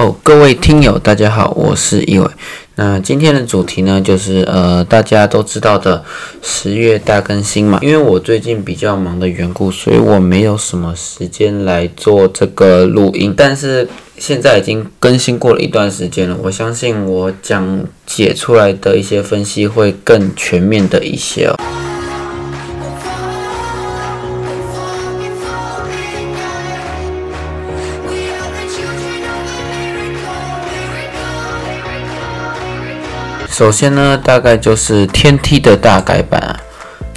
哦，各位聽友，大家好，我是易偉。那今天的主題呢，就是呃，大家都知道的十月大更新嘛。因為我最近比較忙的緣故，所以我沒有什麼時間來做這個錄音。但是現在已經更新過了一段時間了，我相信我講解出來的一些分析會更全面的一些哦。首先呢，大概就是天梯的大改版啊。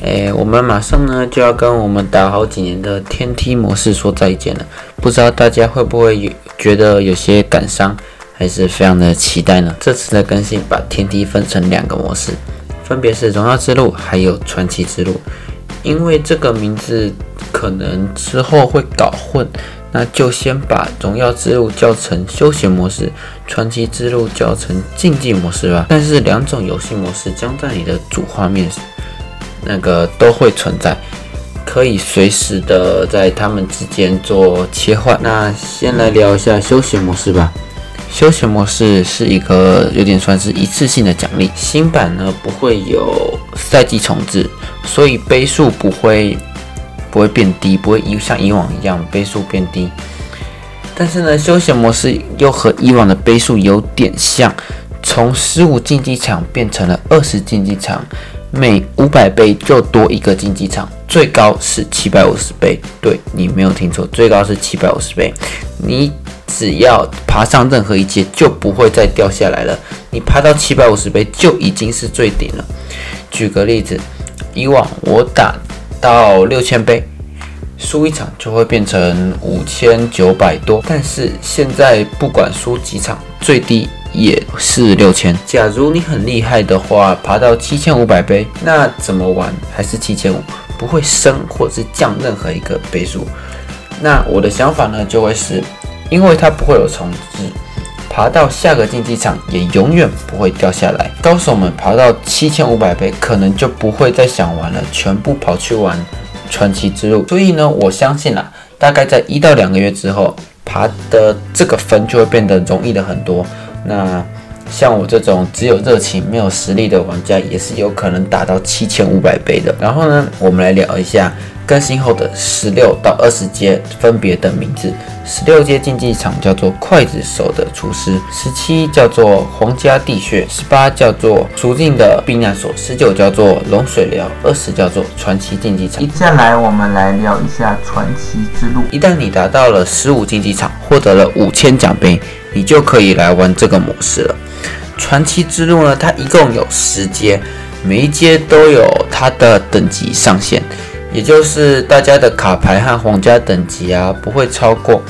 欸，我們馬上呢就要跟我們打好幾年的天梯模式說再見了，不知道大家會不會有覺得有些感傷，還是非常的期待呢？這次的更新把天梯分成兩個模式，分別是榮耀之路還有傳奇之路，因為這個名字可能之後會搞混。那就先把《榮耀之路》叫成休閒模式，《傳奇之路》叫成競技模式吧。但是兩種遊戲模式將在你的主畫面，那個都會存在，可以隨時的在他們之間做切換。那先來聊一下休閒模式吧。休閒模式是一個有點算是一次性的獎勵。新版呢不會有賽季重置，所以杯數不會。不會變低，不會又像以往一樣杯數變低，但是呢，休閒模式又和以往的杯數有點像，從十五競技場變成了二十競技場，每五百杯就多一個競技場，最高是七百五十杯。對，你沒有聽錯，最高是七百五十杯。你只要爬上任何一階，就不會再掉下來了。你爬到七百五十杯就已經是最頂了。舉個例子，以往我打。到六千杯，輸一場就會變成五千九百多。但是現在不管輸幾場，最低也是六千。假如你很厲害的話，爬到七千五百杯，那怎麼玩還是七千五，不會升或是降任何一個杯數。那我的想法呢，就會是，因為它不會有重置。爬到下個競技場也永遠不會掉下來。高手們爬到七千五百倍，可能就不會再想玩了，全部跑去玩傳奇之路。所以呢，我相信啊，大概在一到兩個月之後，爬的這個分就會變得容易得很多。那像我這種只有熱情沒有實力的玩家，也是有可能達到七千五百倍的。然後呢，我們來聊一下。更新後的十六到二十階分別的名字：十六階競技場叫做劊子手的廚師，十七叫做皇家地穴，十八叫做肅靜的避難所，十九叫做龍水療，二十叫做傳奇競技場。接下來我們來聊一下傳奇之路。一旦你達到了十五競技場，獲得了五千獎杯，你就可以來玩這個模式了。傳奇之路呢，它一共有十階，每一階都有它的等級上限。也就是大家的卡牌和皇家等級啊，不會超過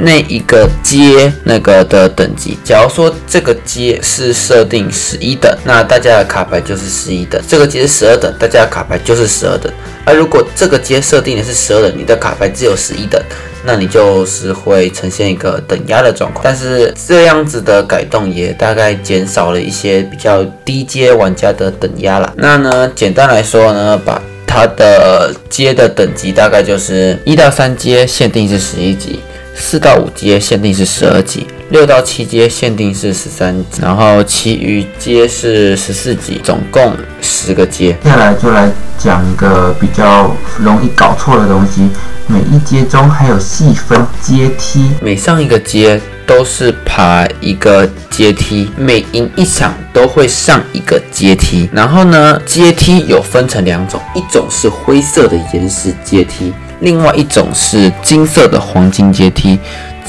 那一個階那個的等級。假如說這個階是設定十一等，那大家的卡牌就是十一等；這個階是十二等，大家的卡牌就是十二等。而如果這個階設定的是十二等，你的卡牌只有十一等，那你就是會呈現一個等壓的狀況。但是這樣子的改動也大概減少了一些比較低階玩家的等壓啦。那呢，簡單來說呢，把。它的階的等級大概就是一到三階限定是十一級，四到五階限定是十二級。六到七階限定是十三級，然後其餘階是十四級，總共十個階。接下來就來講一個比較容易搞錯的東西，每一階中還有細分階梯，每上一個階都是爬一個階梯，每贏一場都會上一個階梯。然後呢，階梯有分成兩種，一種是灰色的岩石階梯，另外一種是金色的黃金階梯。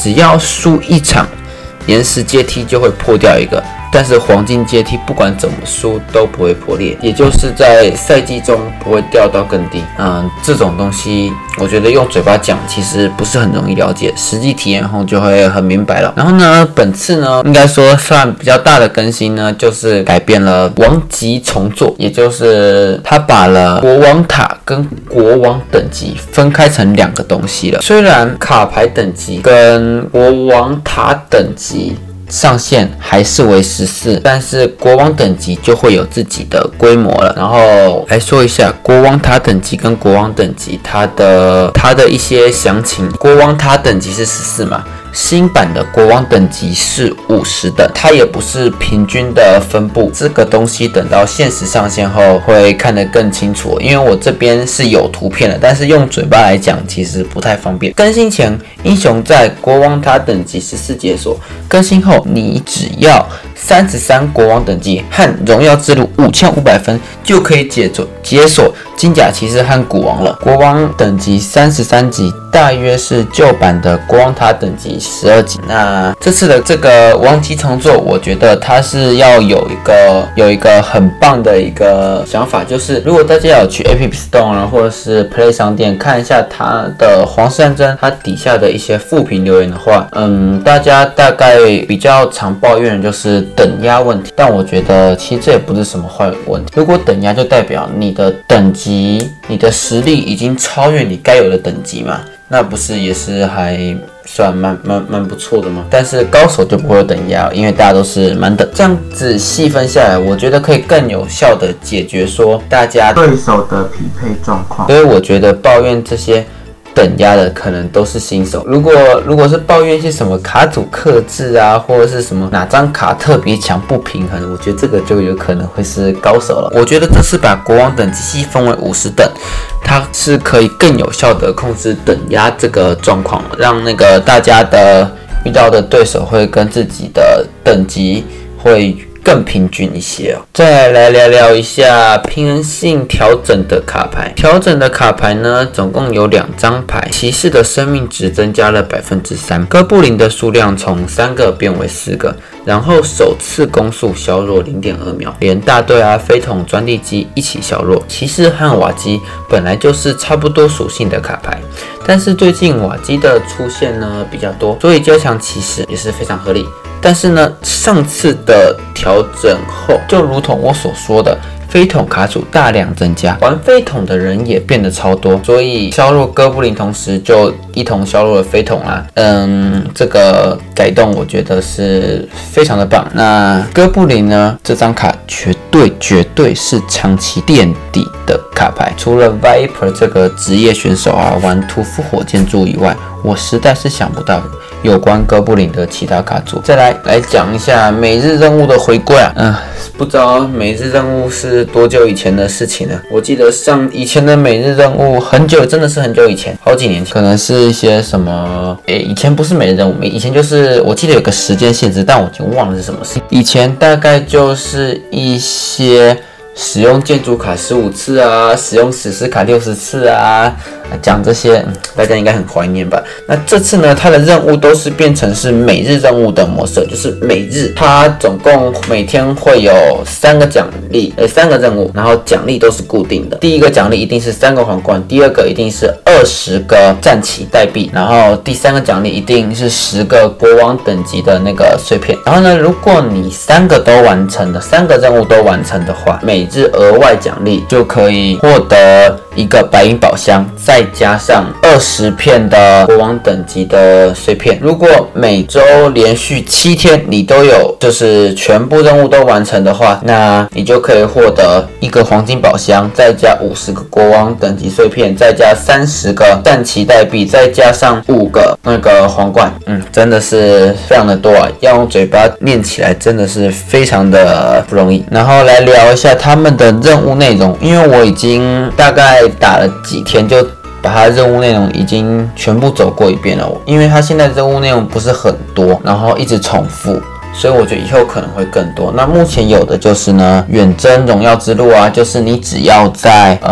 只要輸一場。岩石階梯就會破掉一個。但是黃金階梯不管怎麼輸都不會破裂，也就是在賽季中不會掉到更低。嗯，這種東西我覺得用嘴巴講其實不是很容易了解，實際體驗後就會很明白了。然後呢，本次呢應該說算比較大的更新呢，就是改變了王級重做，也就是他把了國王塔跟國王等級分開成兩個東西了。雖然卡牌等級跟國王塔等級上限還是為十四，但是國王等級就會有自己的規模了。然後來說一下國王塔等級跟國王等級它的它的一些詳情。國王塔等級是十四嘛。新版的國王等級是五十等，它也不是平均的分佈。這個東西等到現實上線後會看得更清楚，因為我這邊是有圖片的，但是用嘴巴來講其實不太方便。更新前，英雄在國王塔等級是十四解鎖；更新後，你只要。三十三國王等級和榮耀之路五千五百分就可以解鎖解鎖金甲騎士和古王了。國王等級三十三級，大約是舊版的國王塔等級十二級。那這次的這個王級重做我覺得它是要有一個有一個很棒的一個想法，就是如果大家有去 App Store 或者是 Play 商店看一下它的皇室戰爭，它底下的一些負評留言的話，嗯，大家大概比較常抱怨就是。等壓問題，但我覺得其實這也不是什麼壞問題。如果等壓就代表你的等級、你的實力已經超越你該有的等級嘛，那不是也是還算蠻蠻蠻不錯的嗎？但是高手就不會有等壓哦，因為大家都是蠻等。這樣子細分下來，我覺得可以更有效地解決說大家對手的匹配狀況。所以我覺得抱怨這些。等壓的可能都是新手。如果如果是抱怨一些什麼卡組克制啊，或者是什麼哪張卡特別強不平衡，我覺得這個就有可能會是高手了。我覺得這次把國王等級細分為五十等，它是可以更有效的控制等壓這個狀況，讓那個大家的遇到的對手會跟自己的等級會。更平均一些哦。再來聊聊一下平衡性調整的卡牌。調整的卡牌呢，總共有兩張牌。騎士的生命值增加了百分之三，哥布林的數量從三個變為四個，然後首次攻速削弱零點二秒，連大隊啊、飛桶、鑽地機一起削弱。騎士和瓦基本來就是差不多屬性的卡牌。但是最近瓦基的出現呢比較多，所以加強其實也是非常合理。但是呢，上次的調整後，就如同我所說的。飛桶卡組大量增加，玩飛桶的人也變得超多，所以削弱哥布林同時就一同削弱了飛桶啦，啊。嗯，這個改動我覺得是非常的棒。那哥布林呢？這張卡絕對絕對是長期墊底的卡牌，除了 Viper 這個職業選手啊，玩屠夫火箭柱以外，我實在是想不到。有關哥布林的其他卡組，再來來講一下每日任務的回歸啊！嗯，不知道每日任務是多久以前的事情呢、啊？我記得像以前的每日任務，很久，真的是很久以前，好幾年前，可能是一些什麼？誒，以前不是每日任務，以前就是我記得有個時間限制，但我已經忘了是什麼事。以前大概就是一些。使用建築卡十五次啊，使用史詩卡六十次啊，啊，講這些大家應該很懷念吧？那這次呢，它的任務都是變成是每日任務的模式，就是每日，它總共每天會有三個獎。力、欸、誒，三個任務，然後獎勵都是固定的。第一個獎勵一定是三個皇冠，第二個一定是二十個戰旗代幣，然後第三個獎勵一定是十個國王等級的那個碎片。然後呢，如果你三個都完成了，三個任務都完成的話，每日額外獎勵就可以獲得一個白銀寶箱，再加上二十片的國王等級的碎片。如果每周連續七天你都有就是全部任務都完成的話，那你就。就可以獲得一個黃金寶箱，再加五十個國王等級碎片，再加三十個戰旗代幣，再加上五個那個皇冠。嗯，真的是非常的多啊！要用嘴巴念起來真的是非常的不容易。然後來聊一下他們的任務內容，因為我已經大概打了幾天，就把他的任務內容已經全部走過一遍了。因為他現在任務內容不是很多，然後一直重複。所以我覺得以後可能會更多。那目前有的就是呢，遠征榮耀之路啊，就是你只要在，嗯、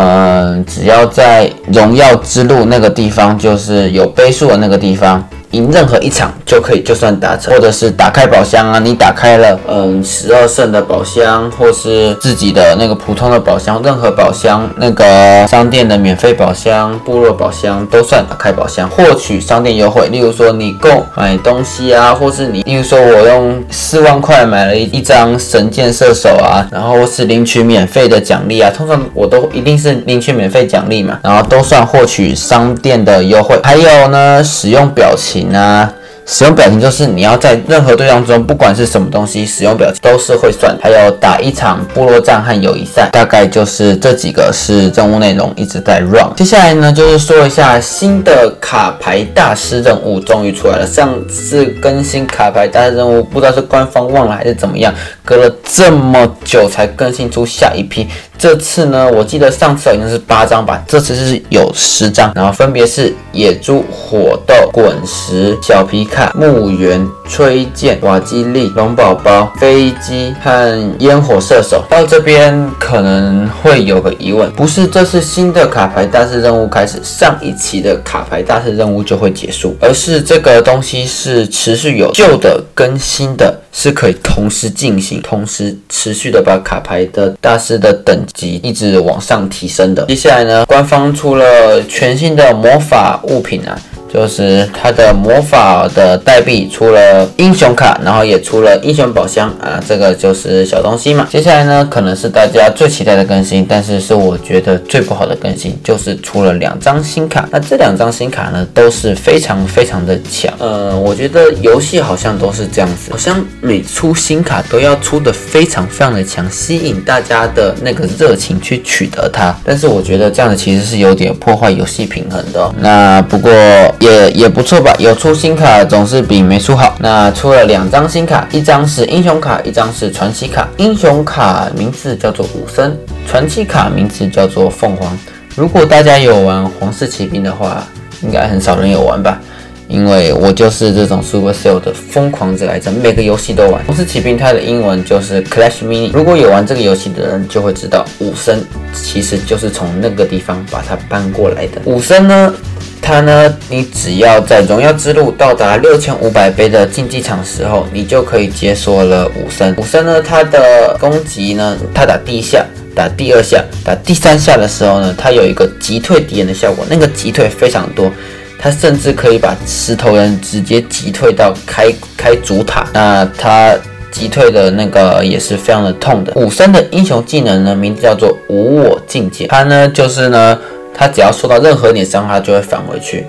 呃，只要在榮耀之路那個地方，就是有倍數的那個地方。贏任何一場就可以，就算打成，或者是打開寶箱啊，你打開了，嗯，十二勝的寶箱，或是自己的那個普通的寶箱，任何寶箱，那個商店的免費寶箱、部落寶箱都算打開寶箱，獲取商店優惠。例如說你購買東西啊，或是你，例如說我用四萬塊買了一張神劍射手啊，然後是領取免費的獎勵啊，通常我都一定是領取免費獎勵嘛，然後都算獲取商店的優惠。還有呢，使用表情。那使用表情就是你要在任何對象中，不管是什麼東西，使用表情都是會算。還有打一場部落戰和友誼賽，大概就是這幾個是任務內容一直在 run。接下來呢，就是說一下新的卡牌大師任務終於出來了。上次更新卡牌大師任務，不知道是官方忘了還是怎麼樣，隔了這麼久才更新出下一批。這次呢，我記得上次好像是八張吧，這次是有十張，然後分別是。野豬、火斗、滾石、小皮卡、墓園、吹箭、瓦基麗、龍寶寶、飛機和煙火射手。到這邊可能會有個疑問，不是這次新的卡牌大師任務開始，上一期的卡牌大師任務就會結束，而是這個東西是持續有舊的跟新的，是可以同時進行，同時持續的把卡牌的大師的等級一直往上提升的。接下來呢，官方出了全新的魔法。物品呢、啊？就是它的魔法的代幣出了英雄卡，然後也出了英雄寶箱啊，這個就是小東西嘛。接下來呢，可能是大家最期待的更新，但是是我覺得最不好的更新，就是出了兩張新卡。那這兩張新卡呢，都是非常非常的強。呃，我覺得遊戲好像都是這樣子，好像每出新卡都要出的非常非常的強，吸引大家的那個熱情去取得它。但是我覺得這樣子其實是有點破壞遊戲平衡的哦。那不過。也也不錯吧，有出新卡總是比沒出好。那出了兩張新卡，一張是英雄卡，一張是傳奇卡。英雄卡名字叫做武僧，傳奇卡名字叫做鳳凰。如果大家有玩皇室騎兵的話，應該很少人有玩吧？因為我就是這種 Supercell 的瘋狂者來着，每個遊戲都玩。皇室騎兵它的英文就是 Clash Mini，如果有玩這個遊戲的人就會知道武僧，武僧其實就是從那個地方把它搬過來的。武僧呢？他呢？你只要在榮耀之路到達六千五百杯的競技場時候，你就可以解鎖了武僧。武僧呢，他的攻擊呢，他打第一下、打第二下、打第三下的時候呢，他有一個擊退敵人的效果。那個擊退非常多，他甚至可以把石頭人直接擊退到開開主塔。那他擊退的那個也是非常的痛的。武僧的英雄技能呢，名字叫做無我境界。他呢，就是呢。他只要受到任何一點傷害，他就會返回去。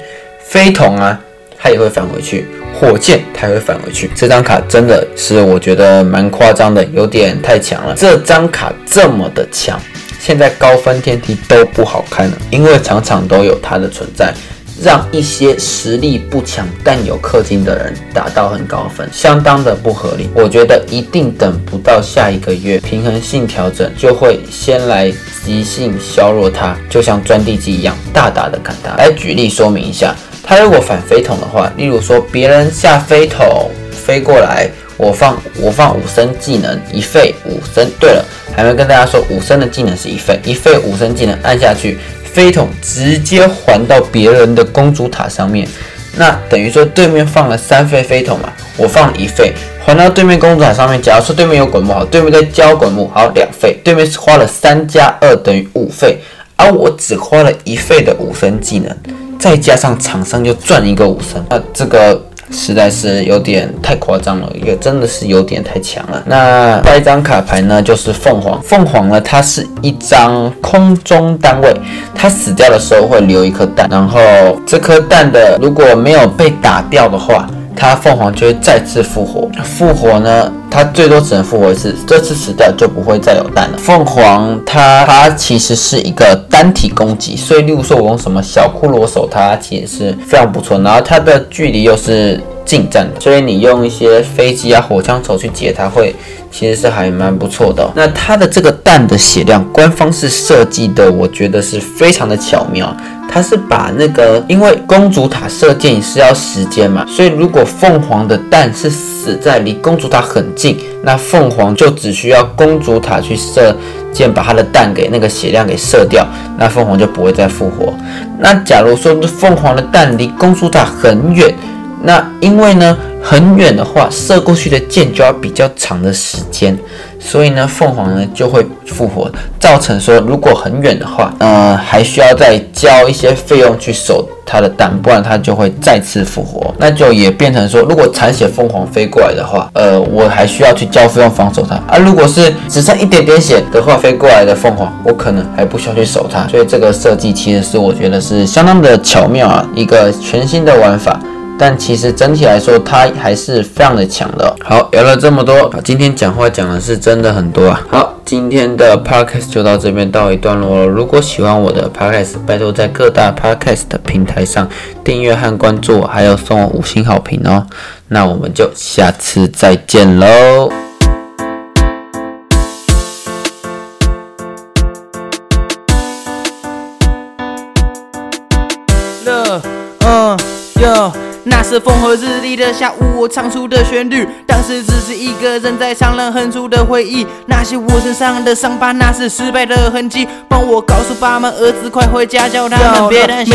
飛桶啊，他也會返回去。火箭，他也會返回去。這張卡真的是我覺得蠻誇張的，有點太強了。這張卡這麼的強，現在高分天梯都不好看了，因為場場都有它的存在。讓一些實力不強但有氪金的人打到很高分，相當的不合理。我覺得一定等不到下一個月平衡性調整，就會先來即興削弱它，就像鑽地機一樣，大打的大的砍它。來舉例說明一下，他如果反飛桶的話，例如說別人下飛桶飛過來，我放我放武僧技能一費武僧。對了，還沒跟大家說武僧的技能是一費，一費武僧技能按下去。飛桶直接還到別人的公主塔上面，那等於說對面放了三費飛桶嘛，我放了一費還到對面公主塔上面。假如說對面有滾木，好，對面在交滾木，好兩費，對面是花了三加二等於五費，而、啊、我只花了一費的武僧技能，再加上場上就賺一個武僧。那這個。實在是有點太誇張了，也真的是有點太強了。那下一張卡牌呢，就是鳳凰。鳳凰呢，它是一張空中單位，它死掉的時候會留一顆蛋，然後這顆蛋的如果沒有被打掉的話，它鳳凰就會再次復活。復活呢？它最多只能復活一次，這次死掉就不會再有蛋了。鳳凰它它其實是一個單體攻擊，所以例如說我用什麼小骷髏守它其實是非常不錯，然後它的距離又是近戰，所以你用一些飛機啊、火槍手去解它會，其實是還蠻不錯的哦。那它的這個蛋的血量，官方是設計的，我覺得是非常的巧妙。它是把那個，因為公主塔射箭是要時間嘛，所以如果鳳凰的蛋是。死在離公主塔很近，那鳳凰就只需要公主塔去射箭，把他的蛋給那個血量給射掉，那鳳凰就不會再復活。那假如說鳳凰的蛋離公主塔很遠，那因為呢？很遠的話，射過去的箭就要比較長的時間，所以呢，鳳凰呢就會復活，造成說如果很遠的話，呃，還需要再交一些費用去守它的蛋，不然它就會再次復活，那就也變成說如果殘血鳳凰飛過來的話，呃，我還需要去交費用防守它，而如果是只剩一點點血的話飛過來的鳳凰，我可能還不需要去守它，所以這個設計其實是我覺得是相當的巧妙啊，一個全新的玩法。但其實整體來說，它還是非常的強的。好，聊了這麼多，今天講話講的是真的很多啊。好，今天的 podcast 就到這邊告一段落了。如果喜歡我的 podcast，拜托在各大 podcast 的平台上訂閱和關注我，還有送我五星好評哦。那我們就下次再見嘍，嗯。嗯嗯那是風和日麗的下午，我唱出的旋律。那是只是一個人在長冷深處的回憶，那些我身上的傷疤，那是失敗的痕跡。幫我告訴爸媽，兒子快回家，叫他們別擔心。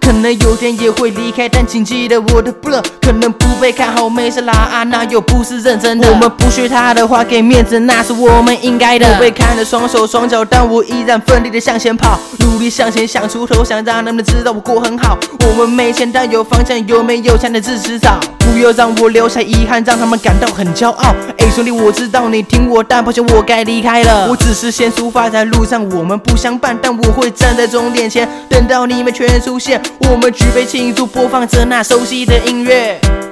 可能有天也會離開，但請記得我的 blood。可能不被看好，沒事啦，啊，那又不是認真的。我們不學他的話，給面子，那是我們應該的。我被砍了雙手雙腳，但我依然奮力的向前跑，努力向前想出頭，想讓他們知道我過很好。我們沒錢，但有方向，有沒有錢的支持？不要讓我留下遺憾，讓他們感到很驕傲。誒，兄弟，我知道你聽我，但抱歉，我該離開了。我只是先出發，在路上我們不相伴，但我會站在終點前，等到你們全出現。我們舉杯慶祝，播放着那熟悉的音樂。